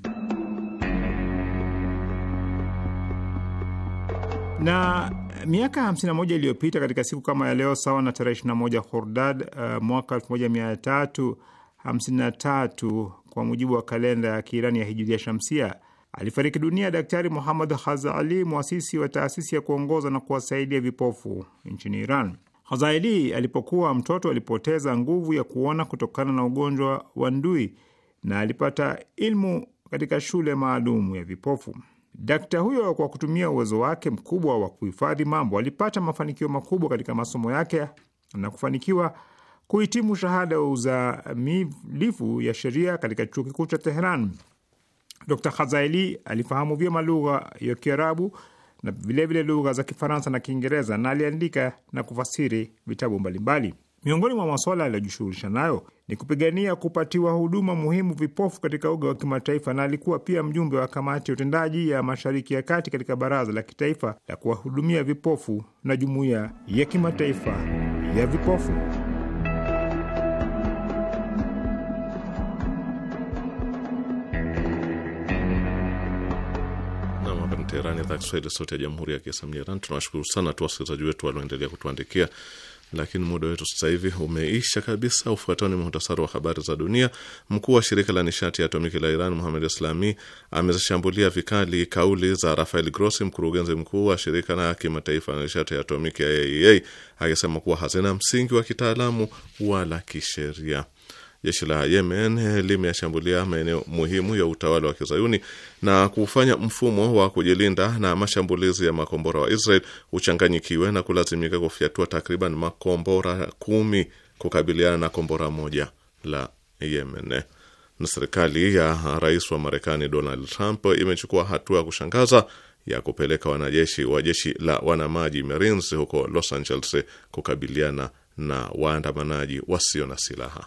na miaka 51 iliyopita katika siku kama ya leo, sawa na tarehe 21 Hordad uh, mwaka 1353 kwa mujibu wa kalenda ya Kiirani ya hijiria shamsia, alifariki dunia Daktari Muhammad Khazaali, mwasisi wa taasisi ya kuongoza na kuwasaidia vipofu nchini Iran. Khazaali alipokuwa mtoto alipoteza nguvu ya kuona kutokana na ugonjwa wa ndui na alipata ilmu katika shule maalum ya vipofu. Dakta huyo kwa kutumia uwezo wake mkubwa wa kuhifadhi mambo alipata mafanikio makubwa katika masomo yake na kufanikiwa kuhitimu shahada ya uzamilifu ya sheria katika chuo kikuu cha Teheran. Dr Khazaeli alifahamu vyema lugha ya Kiarabu na vilevile lugha za Kifaransa na Kiingereza na aliandika na kufasiri vitabu mbalimbali. Miongoni mwa masuala aliyojishughulisha nayo ni kupigania kupatiwa huduma muhimu vipofu katika uga wa kimataifa, na alikuwa pia mjumbe wa kamati ya utendaji ya Mashariki ya Kati katika Baraza la Kitaifa la kuwahudumia vipofu na Jumuiya ya Kimataifa ya Vipofu. Teherani, idhaa Kiswahili, sauti ya jamhuri ya kiislamu ya Iran. Tunawashukuru sana tu wasikilizaji wetu walioendelea kutuandikia, lakini muda wetu sasa hivi umeisha kabisa. Ufuatao ni muhtasari wa habari za dunia. Mkuu wa shirika la nishati ya atomiki la Iran Muhamed Islami amezishambulia vikali kauli za Rafael Grossi, mkurugenzi mkuu wa shirika la kimataifa la nishati ya atomiki ya IAEA, e akisema kuwa hazina msingi wa kitaalamu wala kisheria. Jeshi la Yemen limeyashambulia maeneo muhimu ya utawala wa kizayuni na kufanya mfumo wa kujilinda na mashambulizi ya makombora wa Israel uchanganyikiwe na kulazimika kufyatua takriban makombora kumi kukabiliana na kombora moja la Yemen. Na serikali ya rais wa Marekani Donald Trump imechukua hatua ya kushangaza ya kupeleka wanajeshi wa jeshi la wanamaji Marines huko Los Angeles kukabiliana na waandamanaji wasio na silaha